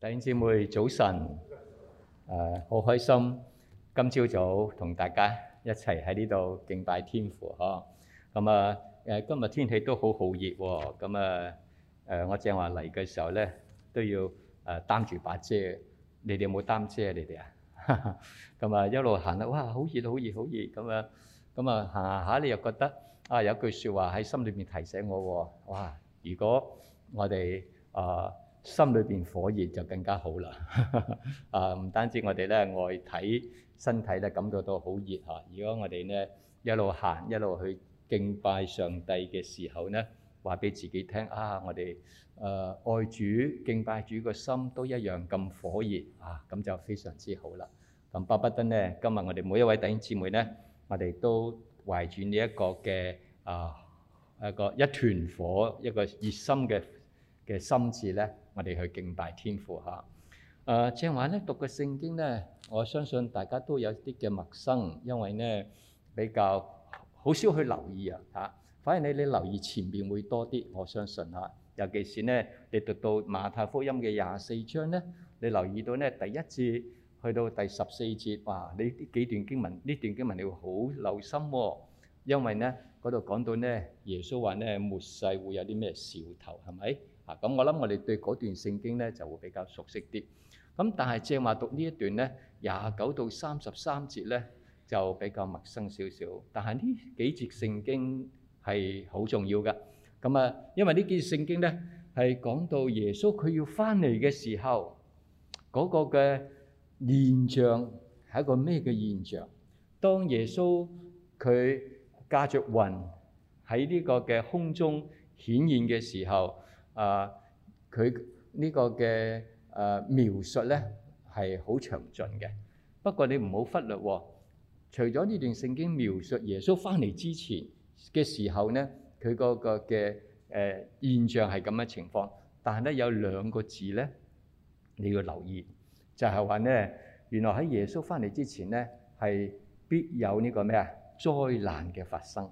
弟兄姊妹，早晨！誒，好開心，今朝早同大家一齊喺呢度敬拜天父呵。咁啊誒，今日天氣都好好熱喎。咁啊誒，我正話嚟嘅時候咧，都要誒擔住把遮。你哋有冇擔遮啊？你哋啊？咁啊一路行啦，哇！好熱，好熱，好熱咁啊！咁啊行下下，你又覺得啊有句説話喺心裏面提醒我喎。哇！如果我哋啊～心裏邊火熱就更加好啦！啊，唔單止我哋呢外體身體呢感覺到好熱嚇。如果我哋呢一路行一路去敬拜上帝嘅時候呢，話俾自己聽啊，我哋誒愛主敬拜主個心都一樣咁火熱啊，咁就非常之好啦。咁巴不得呢，今日我哋每一位弟兄姊妹呢，我哋都懷住呢一個嘅啊一個一團火，一個熱心嘅。嘅心智咧，我哋去敬拜天父嚇。誒正話咧，讀嘅聖經咧，我相信大家都有啲嘅陌生，因為咧比較好少去留意啊嚇。反而你你留意前面會多啲，我相信嚇。尤其是咧，你讀到馬太福音嘅廿四章咧，你留意到咧第一節去到第十四節，哇！你呢幾段經文，呢段經文你會好留心喎，因為咧嗰度講到咧耶穌話咧末世會有啲咩兆頭係咪？啊！咁我諗我哋對嗰段聖經呢就會比較熟悉啲。咁但係正話讀呢一段呢廿九到三十三節呢就比較陌生少少。但係呢幾節聖經係好重要嘅。咁啊，因為呢幾節聖經呢係講到耶穌佢要翻嚟嘅時候嗰個嘅現象係一個咩嘅現象？當耶穌佢駕著雲喺呢個嘅空中顯現嘅時候。啊，佢呢個嘅誒描述咧係好詳盡嘅。不過你唔好忽略喎，除咗呢段聖經描述耶穌翻嚟之前嘅時候咧，佢嗰個嘅誒現象係咁嘅情況。但係咧，有兩個字咧你要留意，就係話咧，原來喺耶穌翻嚟之前咧係必有呢個咩啊災難嘅發生，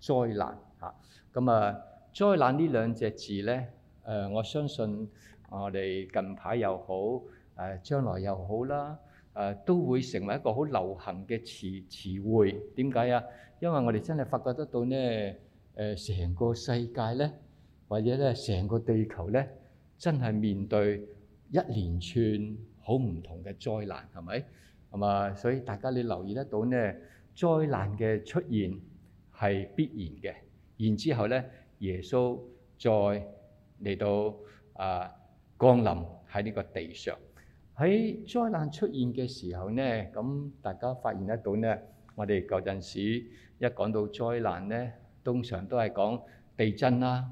災難吓。咁啊災難呢兩隻字咧。誒，我相信我哋近排又好，誒，將來又好啦，誒，都會成為一個好流行嘅詞詞彙。點解啊？因為我哋真係發覺得到咧，誒，成個世界咧，或者咧，成個地球咧，真係面對一連串好唔同嘅災難，係咪係嘛？所以大家你留意得到咧，災難嘅出現係必然嘅。然之後咧，耶穌再。嚟到啊，降臨喺呢個地上，喺災難出現嘅時候咧，咁大家發現得到咧，我哋舊陣時一講到災難咧，通常都係講地震啦、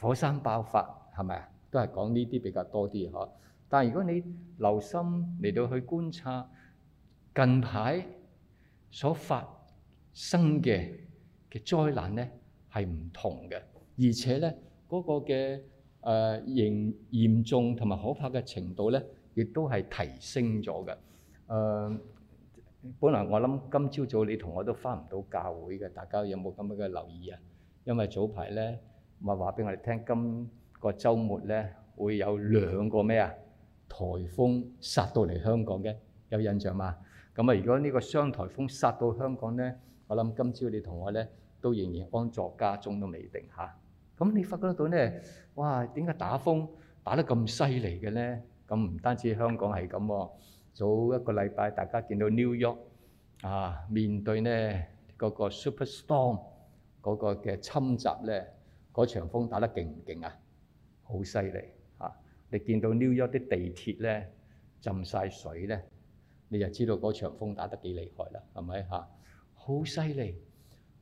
火山爆發，係咪啊？都係講呢啲比較多啲呵。但係如果你留心嚟到去觀察近排所發生嘅嘅災難咧，係唔同嘅，而且咧嗰個嘅。誒嚴嚴重同埋可怕嘅程度咧，亦都係提升咗嘅。誒，本來我諗今朝早你同我都返唔到教會嘅，大家有冇咁樣嘅留意啊？因為早排咧，咪話俾我哋聽，今個週末咧會有兩個咩啊？颱風殺到嚟香港嘅，有印象嗎？咁啊，如果呢個雙颱風殺到香港咧，我諗今朝你同我咧都仍然安坐家中都未定嚇。咁你發覺得到咧，哇！點解打風打得咁犀利嘅咧？咁唔單止香港係咁喎，早一個禮拜大家見到 New York 啊，面對咧嗰個 Superstorm 嗰個嘅侵襲咧，嗰場風打得勁唔勁啊？好犀利嚇！你見到 New York 啲地鐵咧浸曬水咧，你就知道嗰場風打得幾厲害啦，係咪嚇？好犀利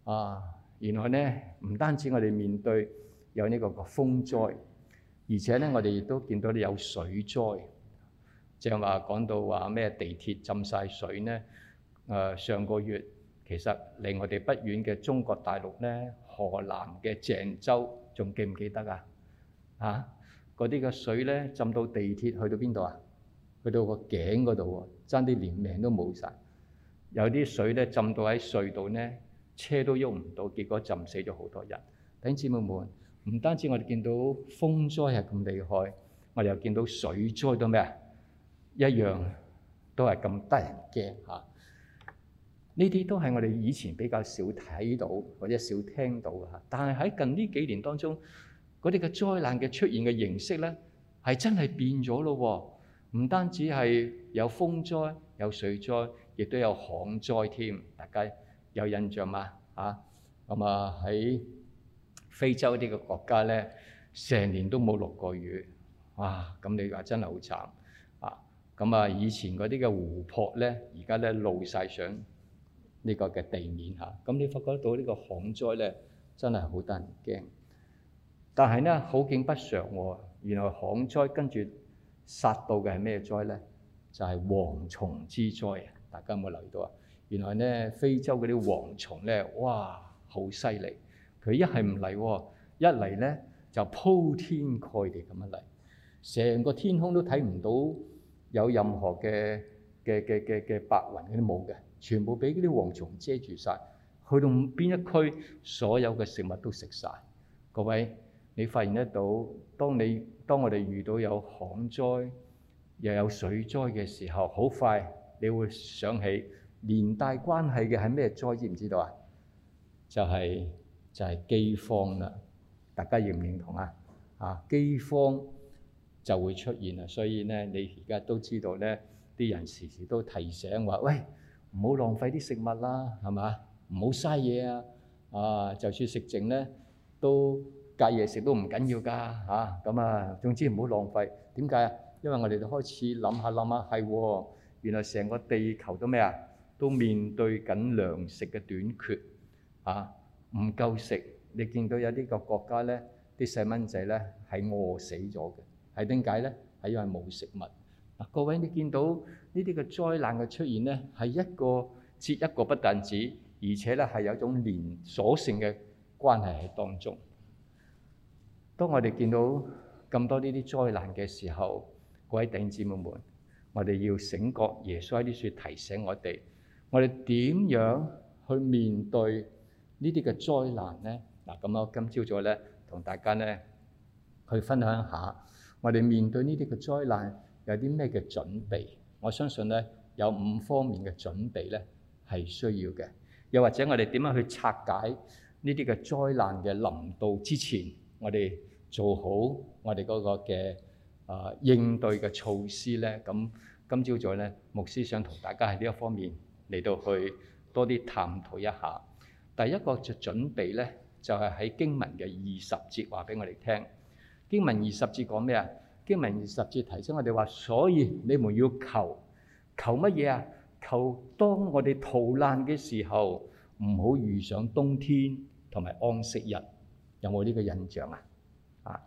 啊！原來咧，唔單止我哋面對有呢個個風災，而且咧，我哋亦都見到有水災。正話講到話咩地鐵浸曬水咧？誒，上個月其實離我哋不遠嘅中國大陸咧，河南嘅鄭州，仲記唔記得啊？啊，嗰啲嘅水咧浸到地鐵去到邊度啊？去到個頸嗰度啊，爭啲連命都冇曬。有啲水咧浸到喺隧道咧。車都喐唔到，結果浸死咗好多人。弟兄姊妹們，唔單止我哋見到風災係咁厲害，我哋又見到水災到咩啊？一樣都係咁得人驚嚇。呢啲都係我哋以前比較少睇到或者少聽到嘅。但係喺近呢幾年當中，嗰啲嘅災難嘅出現嘅形式咧，係真係變咗咯。唔單止係有風災、有水災，亦都有旱災添。大家。有印象嗎？嚇、啊！咁啊喺非洲呢個國家呢，成年都冇落過雨，哇！咁你話真係好慘啊！咁啊，以前嗰啲嘅湖泊呢，而家咧露曬上呢個嘅地面嚇。咁、啊、你發覺到呢個旱災呢，真係好得人驚。但係呢，好景不常喎、啊，原來旱災跟住殺到嘅係咩災呢？就係、是、蝗蟲之災。大家有冇留意到啊？原來咧，非洲嗰啲蝗蟲咧，哇，好犀利！佢一係唔嚟，一嚟咧就鋪天蓋地咁樣嚟，成個天空都睇唔到有任何嘅嘅嘅嘅嘅白雲都冇嘅，全部俾嗰啲蝗蟲遮住曬。去到邊一區，所有嘅食物都食曬。各位，你發現得到，當你當我哋遇到有旱災又有水災嘅時候，好快你會想起。連帶關係嘅係咩？再知唔知道啊？就係就係饑荒啦！大家認唔認同啊？啊，饑荒就會出現啦。所以咧，你而家都知道咧，啲人時時都提醒話：喂，唔好浪費啲食物啦，係嘛？唔好嘥嘢啊！啊，就算食剩咧，都隔夜食都唔緊要㗎嚇。咁啊，總之唔好浪費。點解啊？因為我哋都開始諗下諗下係喎，原來成個地球都咩啊？都面對緊糧食嘅短缺，啊，唔夠食。你見到有啲個國家咧，啲細蚊仔咧係餓死咗嘅，係點解咧？係因為冇食物。嗱，各位你見到呢啲嘅災難嘅出現咧，係一個接一個，不但止，而且咧係有種連鎖性嘅關係喺當中。當我哋見到咁多呢啲災難嘅時候，各位弟兄姊妹們，我哋要醒覺，耶穌喺呢處提醒我哋。我哋點樣去面對呢啲嘅災難咧？嗱，咁我，今朝早咧，同大家咧去分享下，我哋面對呢啲嘅災難有啲咩嘅準備？我相信咧，有五方面嘅準備咧係需要嘅。又或者我哋點樣去拆解呢啲嘅災難嘅臨到之前，我哋做好我哋嗰個嘅啊應對嘅措施咧？咁今朝早咧，牧師想同大家喺呢一方面。嚟到去多啲探討一下。第一個就準備咧，就係喺經文嘅二十節話俾我哋聽。經文二十節講咩啊？經文二十節提醒我哋話，所以你們要求，求乜嘢啊？求當我哋逃難嘅時候，唔好遇上冬天同埋安息日。有冇呢個印象啊？啊？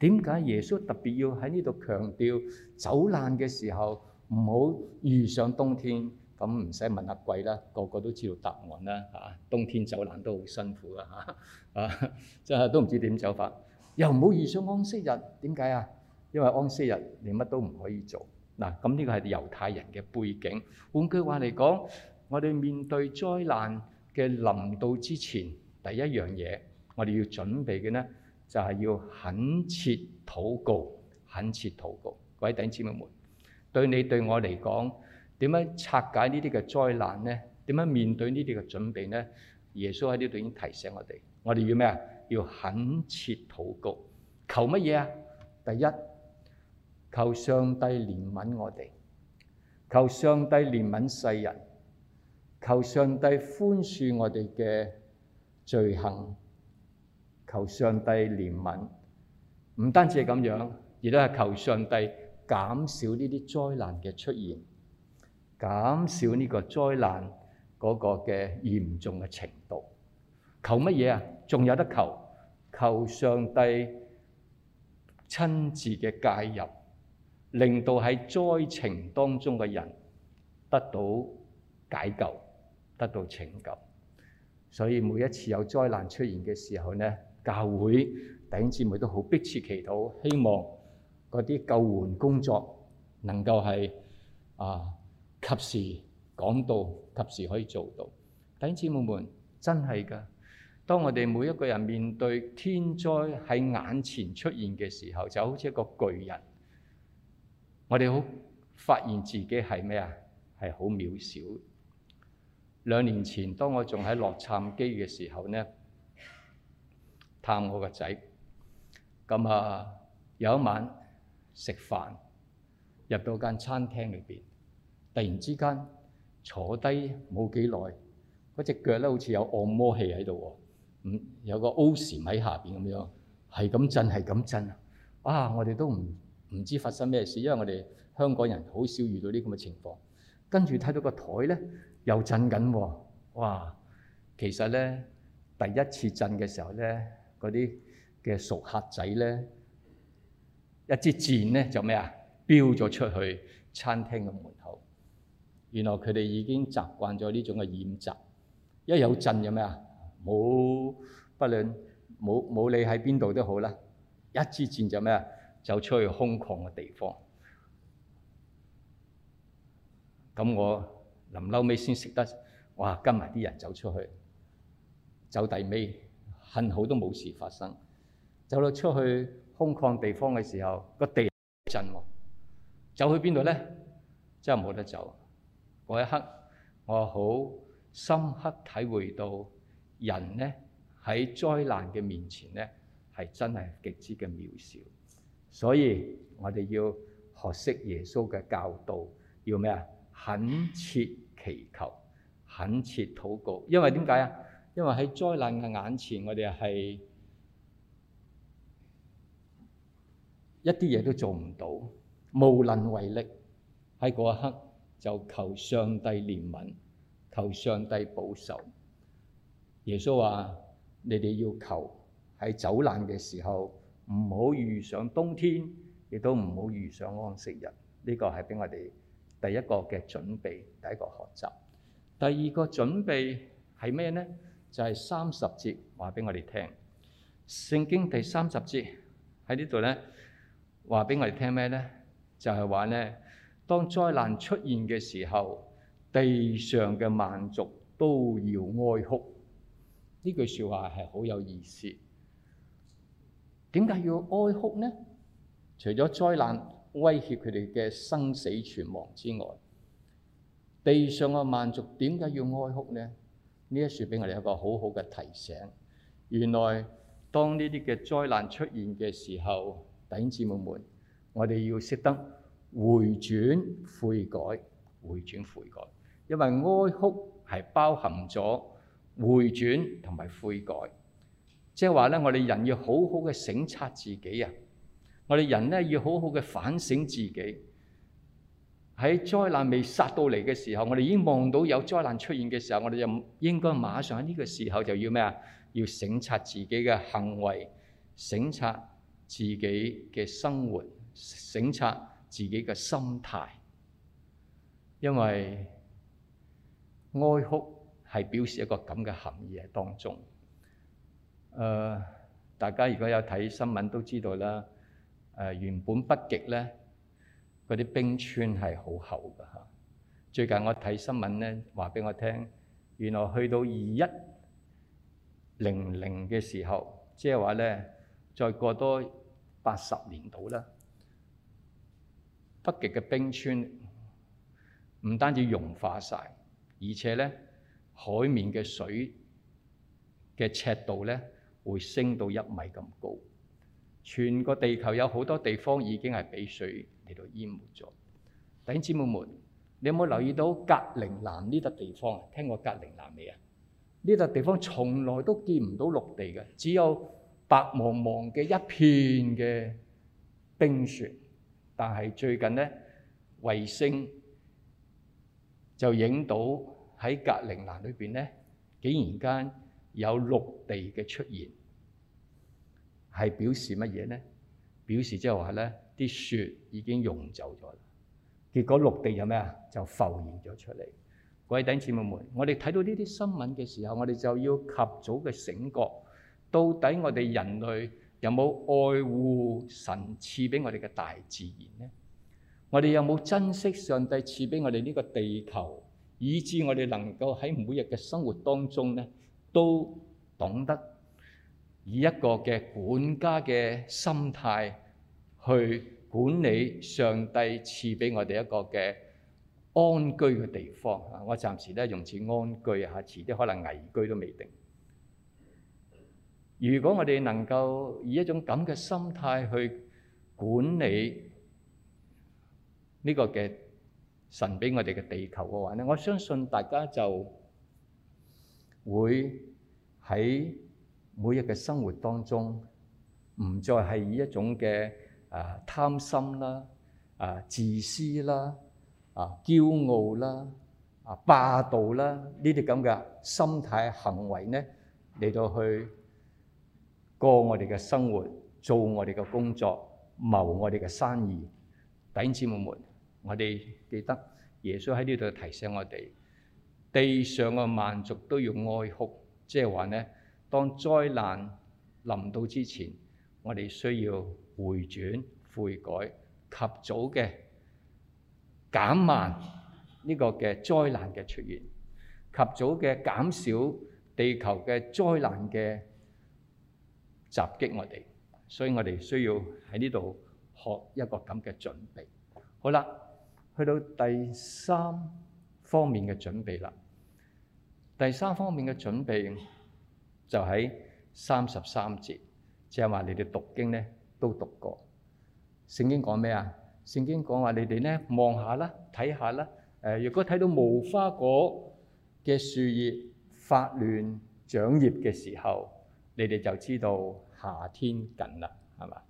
點解耶穌特別要喺呢度強調，走難嘅時候唔好遇上冬天？咁唔使問阿貴啦，個個都知道答案啦嚇。冬天走難都好辛苦啊嚇，啊真係都唔知點走法。又唔好預想安息日，點解啊？因為安息日你乜都唔可以做嗱。咁呢個係猶太人嘅背景。換句話嚟講，我哋面對災難嘅臨到之前，第一樣嘢我哋要準備嘅咧，就係要懇切禱告，懇切禱告，各位弟兄姊妹們，對你對我嚟講。點樣拆解呢啲嘅災難咧？點樣面對呢啲嘅準備咧？耶穌喺呢度已經提醒我哋，我哋要咩啊？要懇切禱告，求乜嘢啊？第一，求上帝憐憫我哋，求上帝憐憫世人，求上帝寬恕我哋嘅罪行，求上帝憐憫。唔單止係咁樣，亦都係求上帝減少呢啲災難嘅出現。減少呢個災難嗰個嘅嚴重嘅程度，求乜嘢啊？仲有得求，求上帝親自嘅介入，令到喺災情當中嘅人得到解救，得到拯救。所以每一次有災難出現嘅時候呢，教會弟兄姊妹都好迫切祈禱，希望嗰啲救援工作能夠係啊～及時講到，及時可以做到。弟兄姊妹們，真係噶。當我哋每一個人面對天災喺眼前出現嘅時候，就好似一個巨人，我哋好發現自己係咩啊？係好渺小。兩年前，當我仲喺洛杉磯嘅時候呢，探我個仔咁啊，有一晚食飯入到間餐廳裏邊。突然之間坐低冇幾耐，嗰隻腳咧好似有按摩器喺度喎，咁有個 O 型喺下邊咁樣，係咁震係咁震啊！啊，我哋都唔唔知發生咩事，因為我哋香港人好少遇到呢咁嘅情況。跟住睇到個枱咧又震緊喎，哇！其實咧第一次震嘅時候咧，嗰啲嘅熟客仔咧一支箭咧就咩啊，飆咗出去餐廳嘅門。原來佢哋已經習慣咗呢種嘅演習，一有震就咩啊？冇，不論冇冇理喺邊度都好啦。一有震就咩啊？走出去空曠嘅地方。咁我臨嬲尾先識得，哇！跟埋啲人走出去走第尾，幸好都冇事發生。走到出去空曠地方嘅時候，個地震喎，走去邊度呢？真係冇得走。嗰一刻，我好深刻體會到人呢喺災難嘅面前呢，係真係極之嘅渺小。所以我哋要學識耶穌嘅教導，要咩啊？懇切祈求，懇切禱告。因為點解啊？因為喺災難嘅眼前，我哋係一啲嘢都做唔到，無能為力。喺嗰一刻。就求上帝憐憫，求上帝保守。耶穌話：你哋要求喺走難嘅時候，唔好遇上冬天，亦都唔好遇上安息日。呢個係俾我哋第一個嘅準備，第一個學習。第二個準備係咩呢？就係三十節話俾我哋聽。聖經第三十節喺呢度呢，話俾我哋聽咩呢？就係話呢。當災難出現嘅時候，地上嘅萬族都要哀哭。呢句説話係好有意思。點解要哀哭呢？除咗災難威脅佢哋嘅生死存亡之外，地上嘅萬族點解要哀哭呢？呢一説俾我哋一個好好嘅提醒。原來當呢啲嘅災難出現嘅時候，弟兄姊妹們，我哋要熄燈。回轉悔改，回轉悔改，因為哀哭係包含咗回轉同埋悔改。即係話咧，我哋人要好好嘅省察自己啊！我哋人呢，要好好嘅反省自己。喺災難未殺到嚟嘅時候，我哋已經望到有災難出現嘅時候，我哋就應該馬上喺呢個時候就要咩啊？要省察自己嘅行為，省察自己嘅生活，省察自己嘅心態，因為哀哭係表示一個咁嘅含義喺當中。誒，大家如果有睇新聞都知道啦。誒，原本北極咧嗰啲冰川係好厚㗎吓。最近我睇新聞咧，話俾我聽，原來去到二一零零嘅時候，即係話咧，再過多八十年度啦。北極嘅冰川唔單止融化晒，而且呢海面嘅水嘅尺度呢會升到一米咁高。全個地球有好多地方已經係俾水嚟到淹沒咗。弟兄姊妹們，你有冇留意到格陵蘭呢笪地方啊？聽過格陵蘭未啊？呢笪地方從來都見唔到陸地嘅，只有白茫茫嘅一片嘅冰雪。但係最近咧，衛星就影到喺格陵蘭裏邊咧，竟然間有陸地嘅出現，係表示乜嘢咧？表示即係話咧，啲雪已經溶走咗啦。結果陸地有咩啊？就浮現咗出嚟。各位弟兄姊妹，我哋睇到呢啲新聞嘅時候，我哋就要及早嘅醒覺，到底我哋人類。有冇愛護神賜俾我哋嘅大自然咧？我哋有冇珍惜上帝賜俾我哋呢個地球，以致我哋能夠喺每日嘅生活當中咧，都懂得以一個嘅管家嘅心態去管理上帝賜俾我哋一個嘅安居嘅地方。我暫時咧用住安居吓，遲啲可能危居都未定。如果我哋能夠以一種咁嘅心態去管理呢個嘅神畀我哋嘅地球嘅話咧，我相信大家就會喺每日嘅生活當中，唔再係以一種嘅啊貪心啦、啊自私啦、啊驕傲啦、啊霸道啦呢啲咁嘅心態行為咧嚟到去。過我哋嘅生活，做我哋嘅工作，謀我哋嘅生意。弟兄姊妹們，我哋記得耶穌喺呢度提醒我哋，地上嘅萬族都要哀哭，即係話咧，當災難臨到之前，我哋需要回轉悔改，及早嘅減慢呢個嘅災難嘅出現，及早嘅減少地球嘅災難嘅。襲擊我哋，所以我哋需要喺呢度學一個咁嘅準備。好啦，去到第三方面嘅準備啦。第三方面嘅準備就喺三十三節，即係話你哋讀經咧都讀過聖經講咩啊？聖經講話你哋呢望下啦，睇下啦。誒，如果睇到無花果嘅樹葉發亂長葉嘅時候。你哋就知道夏天近啦，係嘛？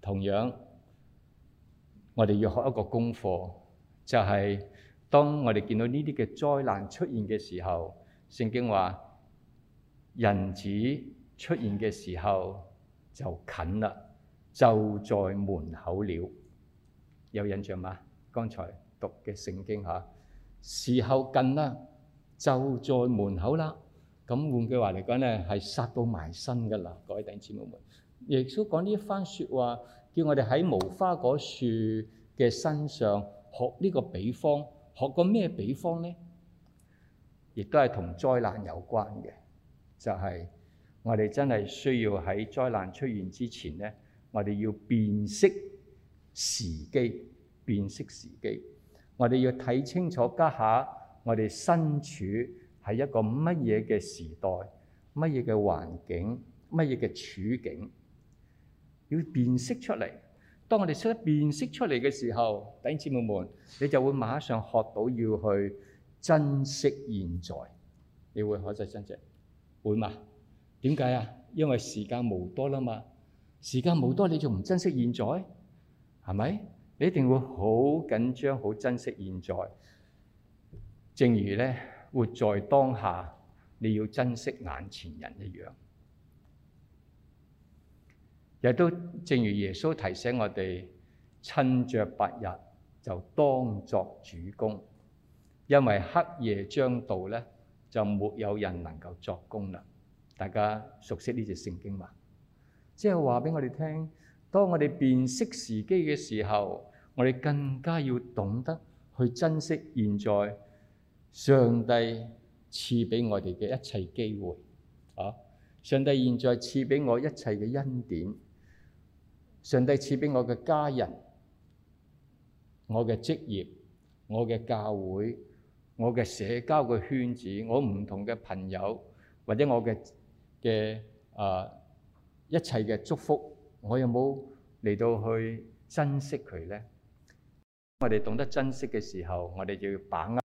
同樣，我哋要學一個功課，就係、是、當我哋見到呢啲嘅災難出現嘅時候，聖經話人子出現嘅時候就近啦，就在門口了。有印象嗎？剛才讀嘅聖經嚇，時候近啦，就在門口啦。咁換句話嚟講咧，係殺到埋身㗎喇，各位弟兄姊妹。耶穌講呢一番説話，叫我哋喺無花果樹嘅身上學呢個比方，學過咩比方咧？亦都係同災難有關嘅，就係我哋真係需要喺災難出現之前咧，我哋要辨識時機，辨識時機。我哋要睇清楚家下我哋身處，係一個乜嘢嘅時代，乜嘢嘅環境，乜嘢嘅處境，要辨識出嚟。當我哋識得辨識出嚟嘅時候，弟兄姊妹們，你就會馬上學到要去珍惜現在。你會學識珍惜，會嘛？點解啊？因為時間冇多啦嘛。時間冇多，你仲唔珍惜現在？係咪？你一定會好緊張，好珍惜現在。正如咧。活在當下，你要珍惜眼前人一樣。亦都正如耶穌提醒我哋，趁著白日就當作主工，因為黑夜將到咧，就沒有人能夠作工啦。大家熟悉呢隻聖經嘛？即係話俾我哋聽，當我哋辨識時機嘅時候，我哋更加要懂得去珍惜現在。上帝賜俾我哋嘅一切機會啊！上帝現在賜俾我一切嘅恩典，上帝賜俾我嘅家人、我嘅職業、我嘅教會、我嘅社交嘅圈子、我唔同嘅朋友，或者我嘅嘅啊一切嘅祝福，我有冇嚟到去珍惜佢咧？我哋懂得珍惜嘅時候，我哋就要把握。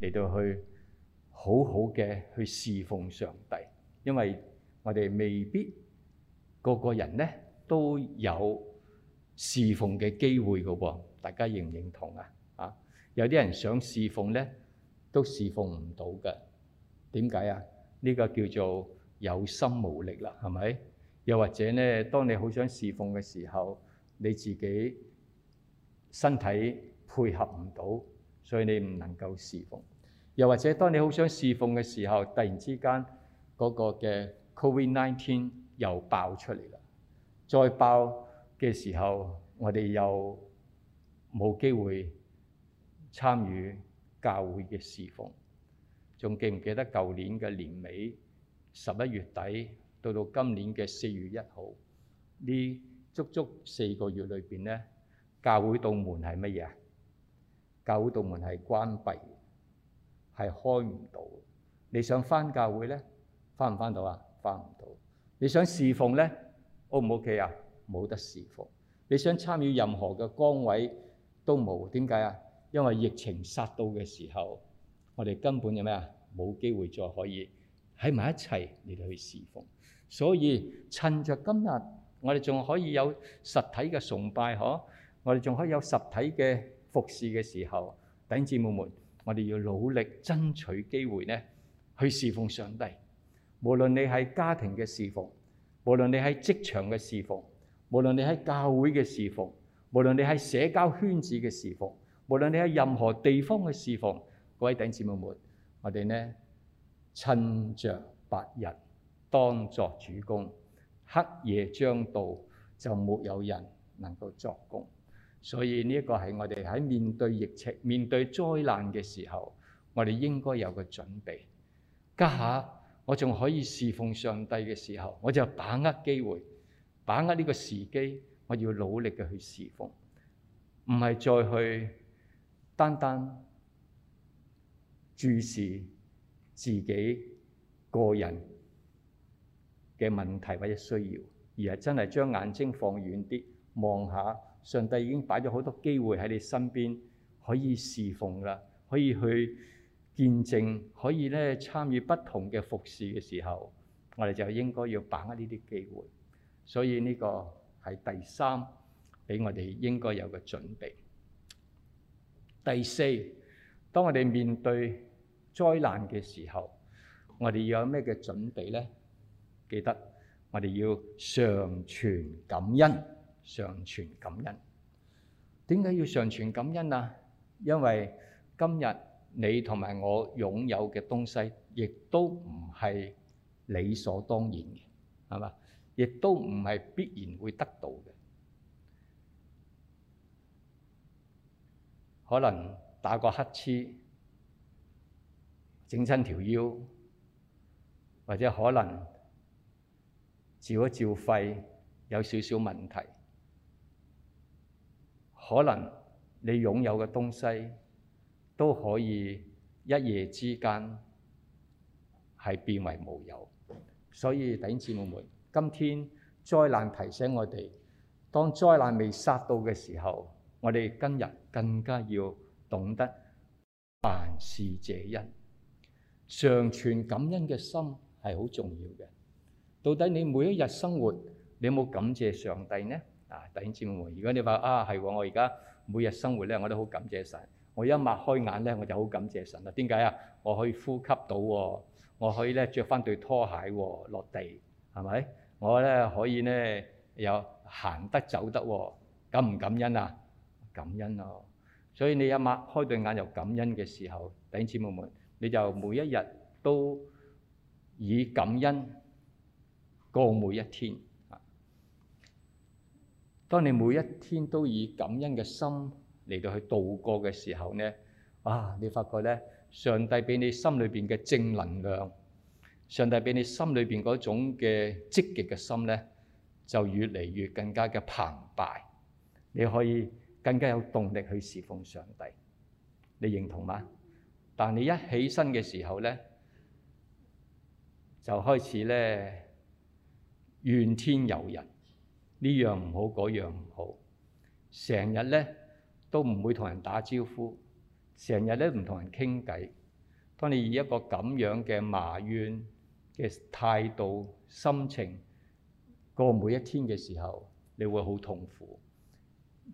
嚟到去好好嘅去侍奉上帝，因為我哋未必個個人咧都有侍奉嘅機會嘅噃，大家認唔認同啊？啊，有啲人想侍奉咧都侍奉唔到嘅，點解啊？呢個叫做有心無力啦，係咪？又或者咧，當你好想侍奉嘅時候，你自己身體配合唔到。所以你唔能夠侍奉，又或者當你好想侍奉嘅時候，突然之間嗰個嘅 COVID-19 又爆出嚟啦。再爆嘅時候，我哋又冇機會參與教會嘅侍奉。仲記唔記得舊年嘅年尾十一月底，到到今年嘅四月一號呢？足足四個月裏邊呢，教會道門係乜嘢啊？九道門係關閉，係開唔到。你想返教會咧，返唔返到啊？返唔到。你想侍奉咧，O 唔 O K 啊？冇得侍奉。你想參與任何嘅崗位都冇。點解啊？因為疫情殺到嘅時候，我哋根本有咩啊？冇機會再可以喺埋一齊你哋去侍奉。所以趁著今日，我哋仲可以有實體嘅崇拜，嗬？我哋仲可以有實體嘅服侍嘅時候，弟兄姊妹們，我哋要努力爭取機會呢，去侍奉上帝。無論你係家庭嘅侍奉，無論你係職場嘅侍奉，無論你係教會嘅侍奉，無論你係社交圈子嘅侍奉，無論你喺任何地方嘅侍奉，各位弟兄姊妹們，我哋呢趁著白日當作主工，黑夜將到，就沒有人能夠作工。所以呢一個係我哋喺面對疫情、面對災難嘅時候，我哋應該有個準備。家下我仲可以侍奉上帝嘅時候，我就把握機會，把握呢個時機，我要努力嘅去侍奉，唔係再去單單注視自己個人嘅問題或者需要，而係真係將眼睛放遠啲，望下。上帝已經擺咗好多機會喺你身邊，可以侍奉啦，可以去見證，可以咧參與不同嘅服侍嘅時候，我哋就應該要把握呢啲機會。所以呢個係第三，俾我哋應該有個準備。第四，當我哋面對災難嘅時候，我哋要有咩嘅準備呢？記得我哋要常存感恩。常存感恩，點解要常存感恩啊？因為今日你同埋我擁有嘅東西，亦都唔係理所當然嘅，係嘛？亦都唔係必然會得到嘅，可能打個乞嗤，整親條腰，或者可能照一照肺，有少少問題。可能你擁有嘅東西都可以一夜之間係變為無有，所以弟兄姊妹們，今天災難提醒我哋，當災難未殺到嘅時候，我哋今日更加要懂得凡事謝恩，常存感恩嘅心係好重要嘅。到底你每一日生活，你有冇感謝上帝呢？啊！弟兄姊妹們，如果你話啊係喎，我而家每日生活咧，我都好感謝神。我一擘開眼咧，我就好感謝神啦。點解啊？我可以呼吸到喎，我可以咧着返對拖鞋落地，係咪？我咧可以咧有行得走得喎，感唔感恩啊？感恩啊！所以你一擘開對眼又感恩嘅時候，弟兄姊妹們，你就每一日都以感恩過每一天。當你每一天都以感恩嘅心嚟到去度過嘅時候咧，啊！你發覺咧，上帝俾你心裏邊嘅正能量，上帝俾你心裏邊嗰種嘅積極嘅心咧，就越嚟越更加嘅澎湃，你可以更加有動力去侍奉上帝。你認同嗎？但你一起身嘅時候咧，就開始咧怨天尤人。呢樣唔好，嗰樣唔好，成日呢都唔會同人打招呼，成日呢唔同人傾偈。當你以一個咁樣嘅埋怨嘅態度、心情過每一天嘅時候，你會好痛苦。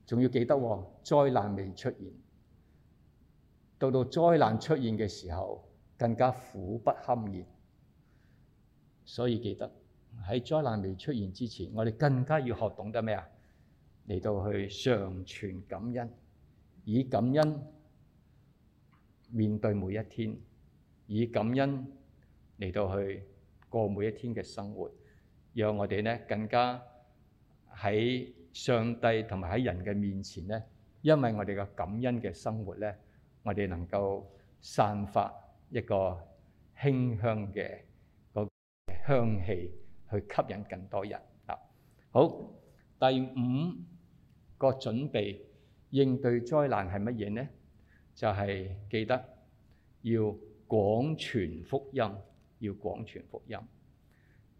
仲要記得喎，災難未出現，到到災難出現嘅時候，更加苦不堪言。所以記得。喺災難未出現之前，我哋更加要學懂得咩啊？嚟到去常存感恩，以感恩面對每一天，以感恩嚟到去過每一天嘅生活，讓我哋呢更加喺上帝同埋喺人嘅面前呢，因為我哋嘅感恩嘅生活呢，我哋能夠散發一個馨香嘅個香氣。去吸引更多人啊！好，第五個準備應對災難係乜嘢呢？就係記得要廣傳福音，要廣傳福音。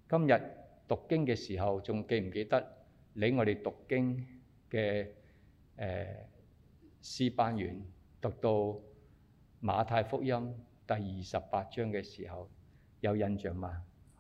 今日讀經嘅時候，仲記唔記得領我哋讀經嘅誒師班員讀到馬太福音第二十八章嘅時候，有印象嗎？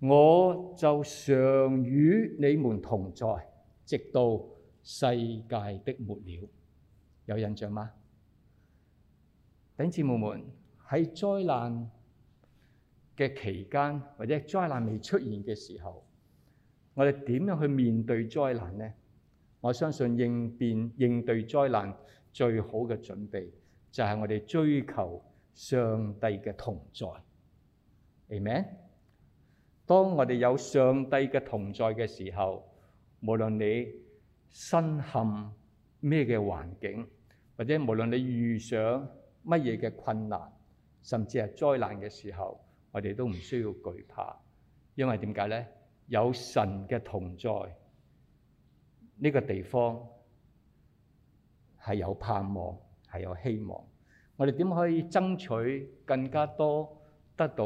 我就常與你們同在，直到世界的末了。有印象嗎？弟兄姊妹們喺災難嘅期間，或者災難未出現嘅時候，我哋點樣去面對災難呢？我相信應變應對災難最好嘅準備，就係我哋追求上帝嘅同在。阿門。當我哋有上帝嘅同在嘅時候，無論你身陷咩嘅環境，或者無論你遇上乜嘢嘅困難，甚至係災難嘅時候，我哋都唔需要懼怕，因為點解呢？有神嘅同在，呢個地方係有盼望，係有希望。我哋點可以爭取更加多得到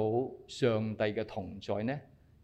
上帝嘅同在呢？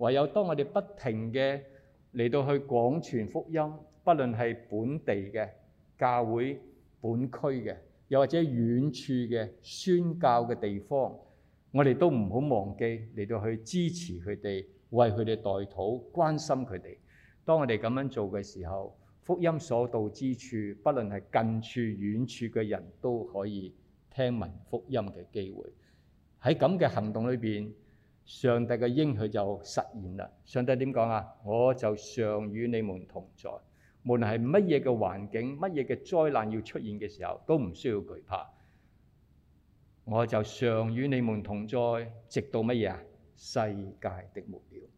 唯有當我哋不停嘅嚟到去廣傳福音，不論係本地嘅教會、本區嘅，又或者遠處嘅宣教嘅地方，我哋都唔好忘記嚟到去支持佢哋，為佢哋代禱，關心佢哋。當我哋咁樣做嘅時候，福音所到之處，不論係近處、遠處嘅人都可以聽聞福音嘅機會。喺咁嘅行動裏面，上帝嘅應許就實現啦！上帝點講啊？我就常與你們同在，無論係乜嘢嘅環境、乜嘢嘅災難要出現嘅時候，都唔需要懼怕。我就常與你們同在，直到乜嘢啊？世界的末了。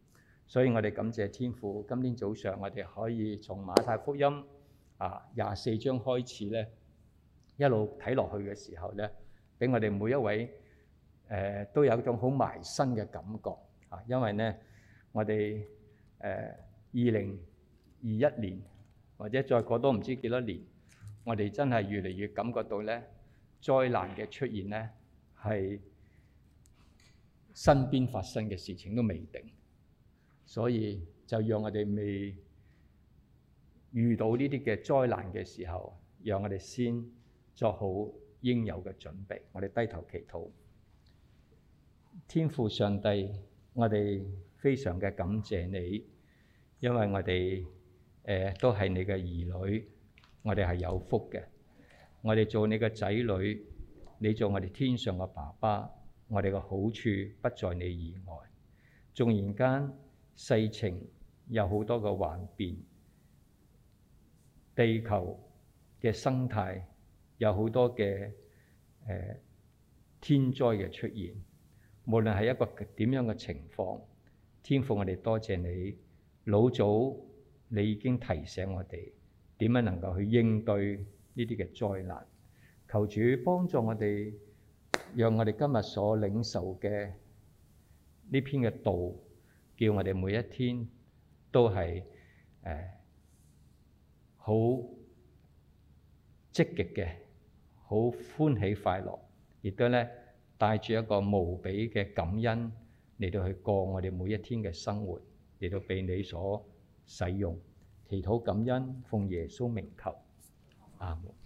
所以我哋感謝天父，今天早上我哋可以從馬太福音啊廿四章開始呢，一路睇落去嘅時候呢，俾我哋每一位。誒都有一種好埋身嘅感覺嚇，因為呢，我哋誒二零二一年或者再過多唔知幾多年，我哋真係越嚟越感覺到呢災難嘅出現呢，係身邊發生嘅事情都未定，所以就讓我哋未遇到呢啲嘅災難嘅時候，讓我哋先做好應有嘅準備。我哋低頭祈禱。天父上帝，我哋非常嘅感謝你，因為我哋誒、呃、都係你嘅兒女，我哋係有福嘅。我哋做你嘅仔女，你做我哋天上嘅爸爸，我哋嘅好處不在你以外。縱然間世情有好多嘅幻變，地球嘅生態有好多嘅誒、呃、天災嘅出現。無論係一個點樣嘅情況，天父我哋多謝你，老早你已經提醒我哋點樣能夠去應對呢啲嘅災難，求主幫助我哋，讓我哋今日所領受嘅呢篇嘅道，叫我哋每一天都係誒好積極嘅，好歡喜快樂，亦都呢。帶住一個無比嘅感恩，嚟到去過我哋每一天嘅生活，嚟到畀你所使用，祈禱感恩，奉耶穌名求，阿門。